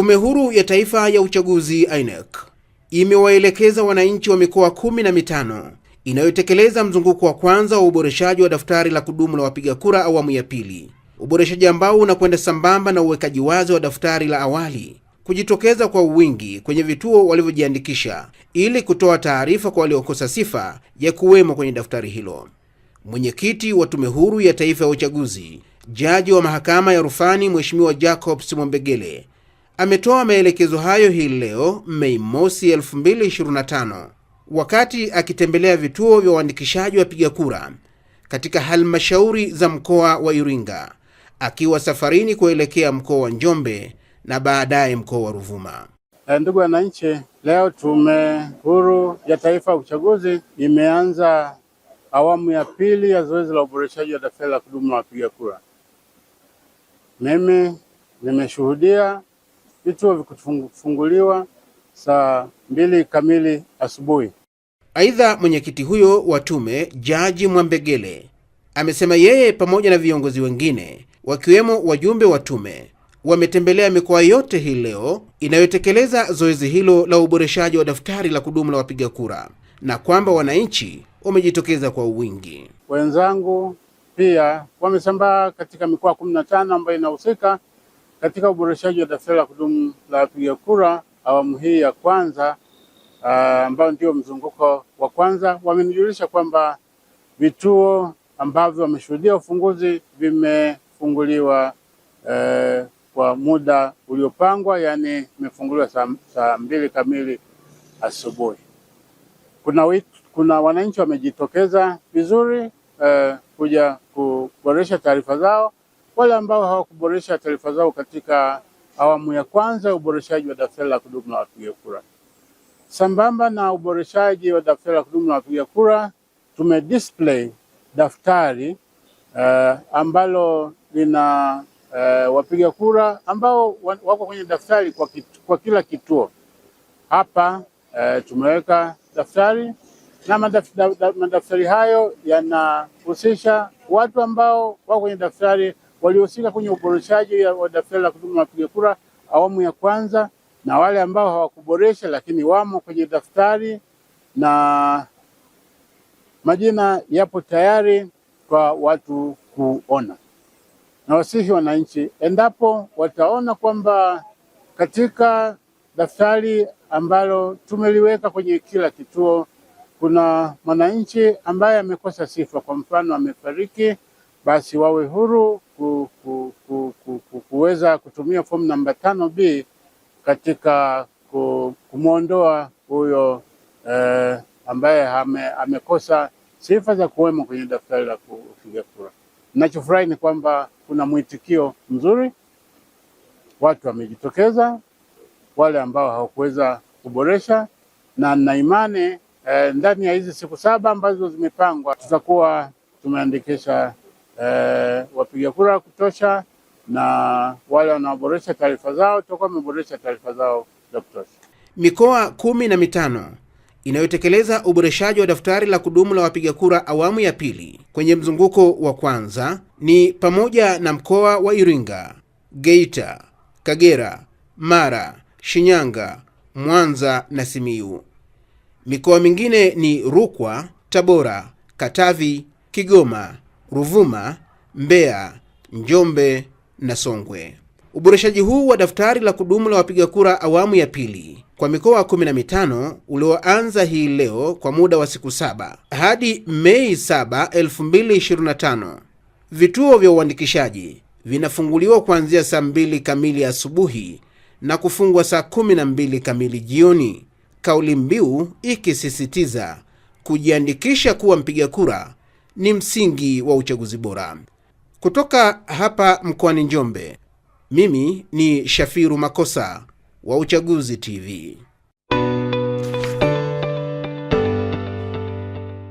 Tume Huru ya Taifa ya Uchaguzi INEC imewaelekeza wananchi wa mikoa kumi na mitano inayotekeleza mzunguko wa kwanza wa uboreshaji wa daftari la kudumu la wapiga kura awamu ya pili, uboreshaji ambao unakwenda sambamba na uwekaji wazi wa daftari la awali kujitokeza kwa wingi kwenye vituo walivyojiandikisha ili kutoa taarifa kwa waliokosa sifa ya kuwemo kwenye daftari hilo. Mwenyekiti wa Tume Huru ya Taifa ya Uchaguzi, jaji wa mahakama ya rufani Mheshimiwa Jacob Simombegele ametoa maelekezo hayo hii leo Mei mosi 2025 wakati akitembelea vituo vya uandikishaji wa piga kura katika halmashauri za mkoa wa Iringa akiwa safarini kuelekea mkoa wa Njombe na baadaye mkoa wa Ruvuma. Eh, ndugu wananchi, leo Tume Huru ya Taifa ya Uchaguzi imeanza awamu ya pili ya zoezi la uboreshaji wa daftari la kudumu la wapiga kura. Mimi nimeshuhudia vituo vikufunguliwa saa mbili kamili asubuhi. Aidha, mwenyekiti huyo wa tume Jaji Mwambegele amesema yeye pamoja na viongozi wengine wakiwemo wajumbe wa tume wametembelea mikoa yote hii leo inayotekeleza zoezi hilo la uboreshaji wa daftari la kudumu la wapiga kura na kwamba wananchi wamejitokeza kwa wingi. Wenzangu pia wamesambaa katika mikoa kumi na tano ambayo inahusika katika uboreshaji wa daftari la kudumu la wapiga kura awamu hii ya kwanza ah, ambao ndio mzunguko wa kwanza, wamenijulisha kwamba vituo ambavyo wameshuhudia ufunguzi vimefunguliwa e, kwa muda uliopangwa, yaani imefunguliwa saa, sa mbili kamili asubuhi. Kuna, kuna wananchi wamejitokeza vizuri e, kuja kuboresha taarifa zao wale ambao hawakuboresha taarifa zao katika awamu ya kwanza ya uboreshaji wa daftari la kudumu la wapiga kura. Sambamba na uboreshaji wa daftari la kudumu la wapiga kura, display daftari uh, ambalo lina uh, wapiga kura ambao wako kwenye daftari kwa, kitu, kwa kila kituo hapa uh, tumeweka daftari na madaftari, madaftari hayo yanahusisha watu ambao wako kwenye daftari waliohusika kwenye uboreshaji wa daftari la kudumu la wapiga kura awamu ya kwanza na wale ambao hawakuboresha lakini wamo kwenye daftari na majina yapo tayari kwa watu kuona. Nawasihi wananchi, endapo wataona kwamba katika daftari ambalo tumeliweka kwenye kila kituo kuna mwananchi ambaye amekosa sifa, kwa mfano amefariki, basi wawe huru ku, ku, ku, ku, ku, kuweza kutumia fomu namba tano B katika kumwondoa huyo eh, ambaye hame, amekosa sifa za kuwemo kwenye daftari la kupiga kura. Ninachofurahi ni kwamba kuna mwitikio mzuri, watu wamejitokeza, wale ambao hawakuweza kuboresha, na nina imani eh, ndani ya hizi siku saba ambazo zimepangwa tutakuwa tumeandikisha eh, wapiga kura wa kutosha na wale wanaoboresha taarifa zao tutakuwa wameboresha taarifa zao za kutosha. Mikoa kumi na mitano inayotekeleza uboreshaji wa daftari la kudumu la wapiga kura awamu ya pili kwenye mzunguko wa kwanza ni pamoja na mkoa wa Iringa, Geita, Kagera, Mara, Shinyanga, Mwanza na Simiyu. Mikoa mingine ni Rukwa, Tabora, Katavi, Kigoma Ruvuma, Mbeya, Njombe na Songwe. Uboreshaji huu wa daftari la kudumu la wapiga kura awamu ya pili kwa mikoa 15 ulioanza hii leo kwa muda wa siku saba hadi Mei 7, 2025. Vituo vya uandikishaji vinafunguliwa kuanzia saa mbili kamili asubuhi na kufungwa saa 12 kamili jioni, kauli mbiu ikisisitiza kujiandikisha kuwa mpiga kura ni msingi wa uchaguzi bora. Kutoka hapa mkoani Njombe, mimi ni Shafiru Makosa wa Uchaguzi TV.